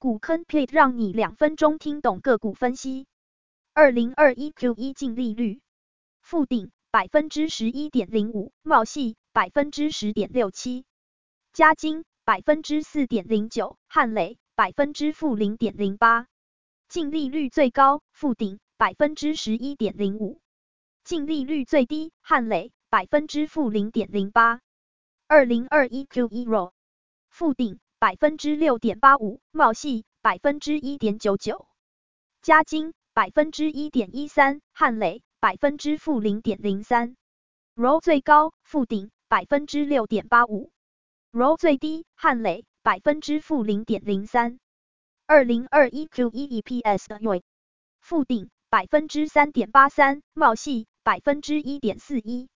股坑 pit 讓你兩分鐘聽懂個股分析。二零二一 Q 一淨利率富鼎百分之十一點零五，茂矽百分之十點六七，嘉晶百分之四點零九，漢磊百分之負零點零八，淨利率最高富鼎百分之十一點零五，淨利率最低漢磊百分之負零點零八。二零二一 Q 1 raw 富鼎。百分之六點八五，茂矽百分之一點九九，嘉晶百分之一點一三，漢磊百分之負零點零三。r o 最高富鼎百分之六點八五，r o 最低漢磊百分之負零點零三。二零二一 Q 一 EPS 的 r o 富鼎百分之三點八三，茂矽百分之一點四一，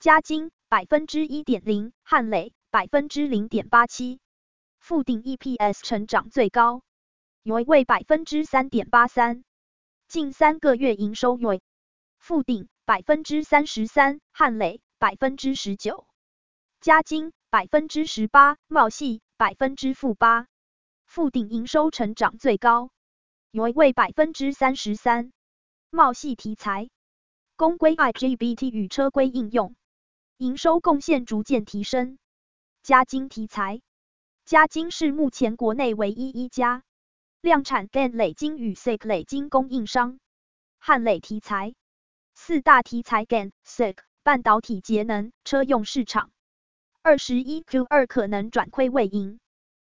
嘉晶百分之一點零，漢磊百分之零點八七。富鼎 EPS 成長最高，為百分之三點八三。近三個月營收富鼎百分之三十三，富鼎33%，漢磊百分之十九，嘉晶百分之十八，茂矽百分之負八。富鼎營收成長最高，為百分之三十三。茂矽題材，公規 IGBT 與車規應用，營收貢獻逐漸提升。嘉晶題材。嘉晶是目前國內唯一一家量產 GaN 磊晶與 SiC 磊晶供應商。漢磊題材，四大題材 GaN、SiC 半導體節能車用市場。二十一 Q 二可能轉虧為盈。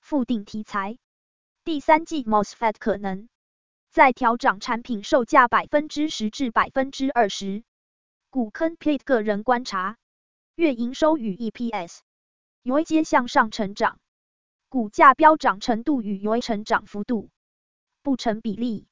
富鼎題材，第三季 MOSFET 可能再調漲產品售價百分之十至百分之二十。股坑 pit 個人觀察，月營收與 EPS YoY 向上成長。股價飆漲程度與 YoY 成長幅度，不成比例。